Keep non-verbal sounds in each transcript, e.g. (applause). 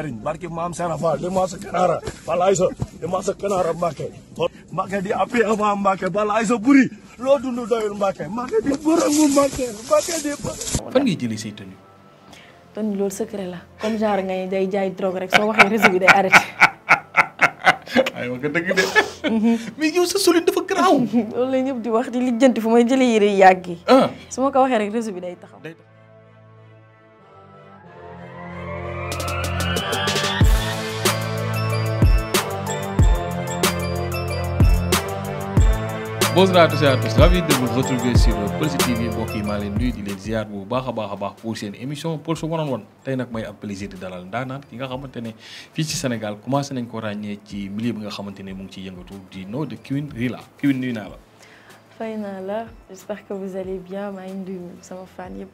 sëriñ barki mam Sara fa, le masa kenara, kanara balaay sa li ma mbake kanara di api avant Mbacke balaay sa buri lo dundu doyul mbake, mbake di mu mbake, mbake di fan ngay jëlee say tenue tenue loolu secret la comme genre ngay day jaay drogue rek soo waxee réseau bi day arrêté ay wax nga dëgg de mais yow sa solide dafa garaaw loolu la ñëpp di wax (laughs) di lijjanti fu may jëlee yére yàgg yi su ma ko waxee rek bonsoir à tous et à tous ravi de vous retrouver sur Peulsi TV mbokk a baax a baax pour seen émission Peulsi One on One tey nag may am plaisir di ko ràññee ci milieu bi nga xamante ne mu di nom de Queen Rila Queen nuyu naa la. fay naa la j'espère que vous allez bien maa nuyu sama fan yëpp.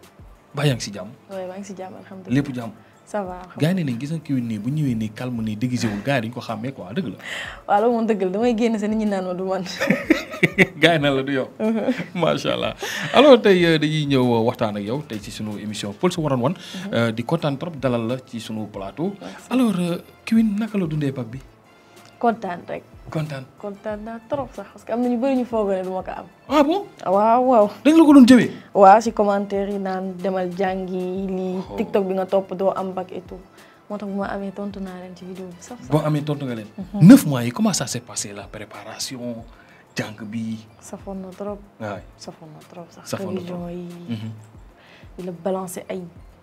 ba yaa si jàmm. waaw maa si jàmm alhamdulilah lépp jàmm. ça va gaa yi ne gis nga kii nii bu ñëwee nii calme nii déguisé wul gaa yi dañu ko xàmmee a dëgg la. (laughs) waaw loolu moom dëgg la damay génn sa nit ñi naan ma du man. (laughs) gaa yi na la du yow. (laughs) macha allah alors tey euh, dañuy ñëw euh, waxtaan ak yow tey ci sunu émission Pulse waroon on One. Mhm. Euh, di kontaan trop dalal la ci suñu plateau. alors Queen naka la dundee pap bi. konten, rek. konten konten naa trop sax parce que am ñu bari ñu foogale du ko am. ah bon waaw waaw. dañ la ko doon jëwé. waaw si commentaire yi naan demal jangi li oh. tiktok bi nga top do am bac et tout Motax buma amé tontu na len ci vidéo bi sax. boo amé tontu nga len. 9 mhm. mois yi comment ça s'est passé la préparation jang bi. safoon na trop. waay safoon na trop sax. safoon na trop yi. Mhm. di balancer ay.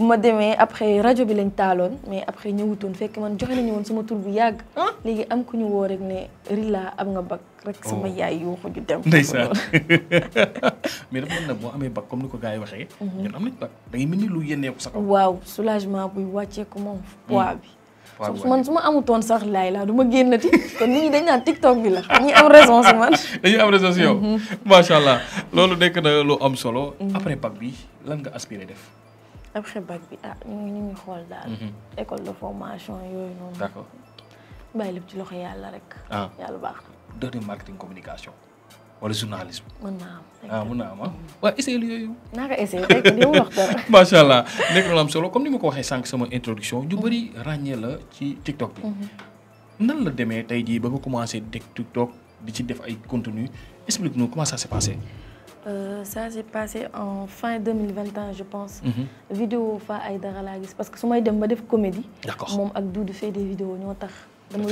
bu ma demee après rajo bi lañ taaloon mais après ñëwutoon fekk man joxe nañu woon suma tur bu yàgg. léegi am ku ñu woo rek ne Rilla am nga bag rek oh. sama yaay yoo ko ju dem. ndeysaan (laughs) (laughs) mais dafa mel ne boo amee bac comme ni ko gars yi waxee. Mhm. ñun am nañ bac lu yéeneeku sa kaw. waaw soulagement buy wàcceeku moom. Hmm. poids bi. waaw man su ma amutoon sax laay laa du ma génnati kon nit ñi dañ naan TikTok bi la am raison si man. (laughs) dañuy am raison si yow. Mhm. macha allah loolu nekk lu am solo. Mhm. après bac bi lan nga aspiré def. après bac bi ah ñu ngi ñu ngi xool daal. Mhm. école de formation yooyu noonu. d'accord accord bàyyi lépp ci loxo yàlla rek. ah yàlla baax na. doon marketing communication wala journalisme. mën naa am ah mën naa am ah. Mhm. waa essayé lu yooyu. naa ko essayé rek di wax dara. (laughs) macha allah nekk na lu am solo comme ni ma ko waxee sànq sama introduction. ñu mhm. bëri ràññee la ci TikTok bi. nan la demee tey jii ba nga commencé teg TikTok di ci def ay contenu explique nous comment ça s' est passé. Euh, ça s'est passé en fin 2021 je pense. Mhm. vidéo fa ay dara parce que je suis dem ba def comédie. d'accord Je ak Doudou des vidéos Je tax. dama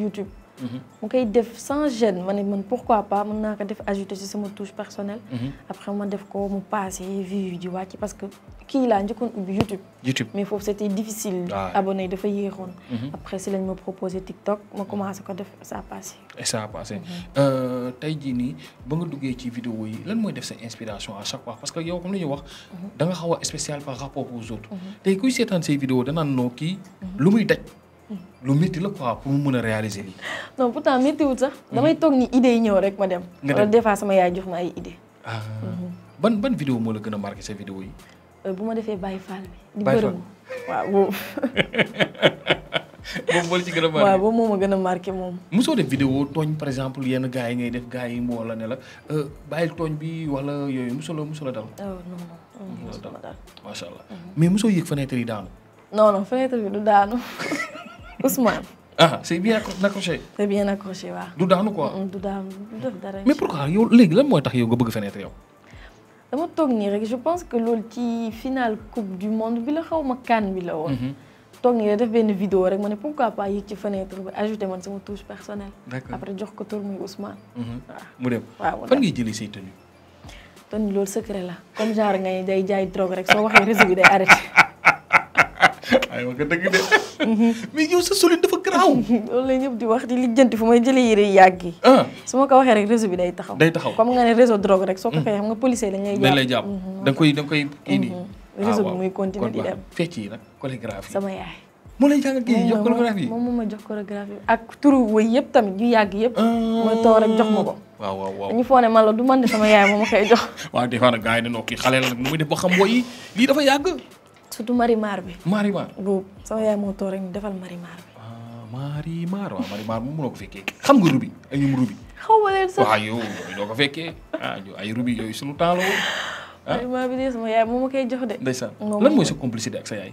YouTube mu mhm. koy def sans gêne ma ne man pourquoi pas mën naa ko def ajouter ci sama touche personnelle. Mhm. après ma def ko mu passe, vues yi di parce que kii laa njëkkoon ubbi YouTube. YouTube mais foofu c'était difficile. Ah abonné yi dafa yéexoon. Mhm. après si lañ me proposer TikTok ma à ko def ça a passé. et ça a passé euh, tey jii nii ba nga duggee ci vidéo yi lan mooy def sa inspiration à chaque fois parce que yow comme nous ñu wax. da nga xaw spécial par rapport aux autres. tey kuy seetaan vidéos vidéo danaan noo kii lu muy daj. lu métti la quoi pour mu mën a réaliser lii. non pourtant méttiwul sax. Mhm. ni idée yi ñëw rek ma dem. nga dem sama yaay ma ay idée. Ah. Mhm. ban ban video moo la gën a marqué sa vidéo euh, bu ma defee Baye Fall bi. Baye di bërëbu waaw (laughs) boobu. bu. moo la ci gën a marqué waaw boobu moo ma gën a par exemple yenn de yi ngay def la euh, bi wala yo mosoo la mosoo la dal. Oh, non non mosoo ma dal. macha allah mhm. mais mosoo yëg fenêtre yi daanu. non non du (laughs) Ousmane. ah c'est bien accroché. c'est bien accroché waaw. du daanu quoi. du daanu du def dara. mais pourquoi yow léegi lan mooy tax yow nga bëgg fenêtre yow. dama toog nii rek je pense que loolu ci finale coupe du monde bi la kan bi la woon. Mhm. toog nii def benn vidéo rek ma ne pourquoi pas yéeg ci fenêtre bi ajouté man sama touche personnelle. d'accord après jox ko tur muy Ousmane. Mhm. fan ngay jëlee say tenues. tenue loolu secret la comme genre ngay day jaay drogue rek soo waxee réseau day arrêté. ay wax nga dëgg de. mais yow sa solide dafa garaaw. (laughs) loolu la ñëpp ah. da nga koy da nga koy kii nii. Mm-hmm. réseau bi muy continuer ah, di dem fecc yi nag chorégraphie. jox chorégraphie moom moom jox chorégraphie ak turu wëy yëpp tamit yu yàgg yëpp. Ah. mooy toog rek jox ma ko. waaw waaw waaw dañu foog du man de sama yaay moom ma koy jox. (laughs) waaw des fois nag yi dañoo kii xale nu muy def ba xam wooyi lii dafa yàgg mari marimar bi. marimar bu sama yaay moo toog rek ñu defal marimar bi. Ah, marimar waaw marimar moom mënoo ko fekkee xam nga rubi ay ñum rubi. xaw ma ko fekkee ah ay rubi yooyu sunu temps la woon. Ah. marimar bi de sama yaay moo ma jox de. ndeysaan lan mooy sa complicité ak sa yaay.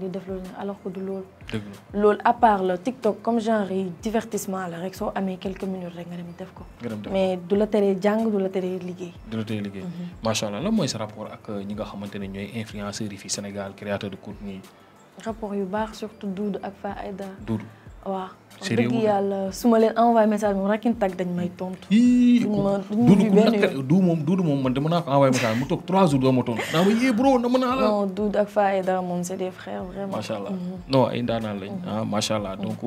di def alors que du à part le TikTok comme genre divertissement la rek quelques minutes mais du la téré jang du la téré liggéey. du la mhm. rapport ak euh, ñi nga créateur de contenu rapport surtout Doudou ak waa yàlla su ma leen envoyé message moom rakin tag dañ may tontu. duñ ma duñ ma moom duudu moom man dama naa ko envoyé message mu toog 3 jours doo ma tontu. naa ma yee bro na mën naa la. non duud ak Faye dara moom c'est des frères allah mhm. non ay ndaanaan lañ mhm. ah macha allah mhm. donc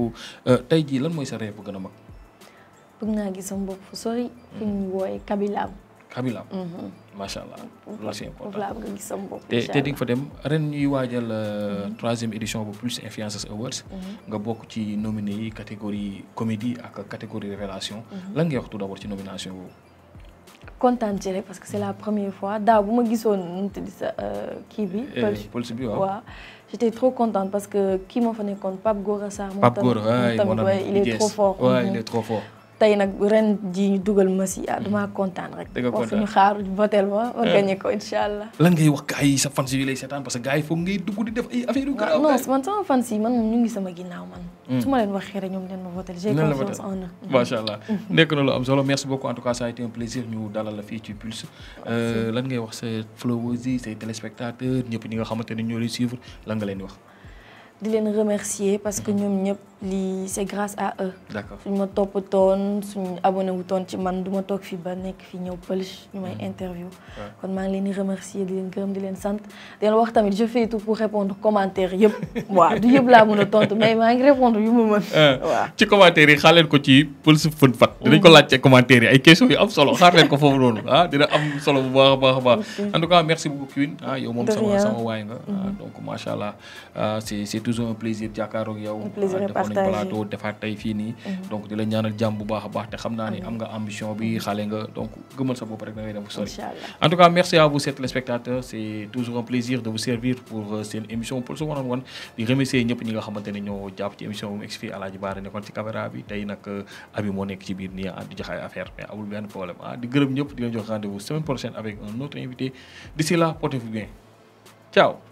euh, tey jii lan mooy sa rêve bu a mag. naa gis sama bopp fu sori. fi ñu wooyee Kabilaam. Kabilaam. macha allah loolu c'est important te te fa dem ren ñuy uh, troisième édition bu plus influences Awards mhm. nga bokk ci nominé yi catégorie comédie ak catégorie révélation mhm. lan ngay wax tout d'abord ci nomination boobu contente ci parce que c'est la première fois daaw bu ma gisoon nu mu tuddi sa euh, kii bi eh, Pulse bi waaw j'étais trop contente parce que kii moo fa nekkoon Pape Gora Sarr moom tamit mhm. il est trop fort il est trop fort tey nag ren ji ñu dugal ma si ah mm. kontaan rek. dëgg ñu xaar votel ma. ma mm. gagné ko incha allah. lan ngay wax gars sa fans yi lay seetaan parce que gars foog ngay dugg di def ay affaire yu gën ah, non man sama fans yi man ñu ngi sama ginnaaw man. Mm. su ma leen wax rek ñoom leen ma votel. j'ai confiance en eux. (laughs) macha allah mm-hmm. nekk na lu am solo merci beaucoup en tout cas ça a été plaisir ñu dalal la fii ci Pulse. Euh, lan ngay wax sa followers yi say téléspectateurs ñëpp ñi nga xamante ne ñoo lay nga leen di wax. di les remercier parce que nous ñëpp lii c'est grâce à eux. d'accord suñ top toppatoon suñ abonné wutoon ci man du ma toog fii ba nekk fii ñëw Pulse ñu hmm. interview. kon m'a ngi leen remercier di leen gërëm di leen sant di leen wax tamit je fais tout pour répondre commentaires (laughs) yep waaw du yëpp laa mën tontu mais moi ngi répondre du ma mën. Euh, waaw ci commentaire yi xaar ko ci Pulse Fun Fact. Hmm. dinañ ko laajte commentaires yi ay questions yu am solo xaar leen ko foofu noonu (laughs) ah dina am solo bu baax a baax en tout cas merci beaucoup Queen ah yow moom sama sama waay nga. Ah, mm-hmm. donc masha'allah ah, c'est c'est tout toujours un plaisir jàkkaaroog yow. un plaisir partagé defoon plateau defaat tey fii nii. Mhm. donc di la ñaanal jamm bu baax baax te xamna ni am nga ambition bi xalé nga donc gëmal sa bopp rek da ngay dem sori. en tout cas merci à vous cette téléspectateurs c' est toujours un plaisir de vous servir pour cette euh, émission Pulse One on One di remercier ñëpp ñi nga xamante ne ñoo japp ci émission bu mu expliqué Alaaji Baara nekkoon ci caméra bi tay nak euh, abi mo nekk ci biir nii ah, di joxe affaire mais amul ben problème ah, di gërëm ñëpp di leen jox rendez-vous semaine prochaine avec un autre invité d'ici là portez-vous bien ciao.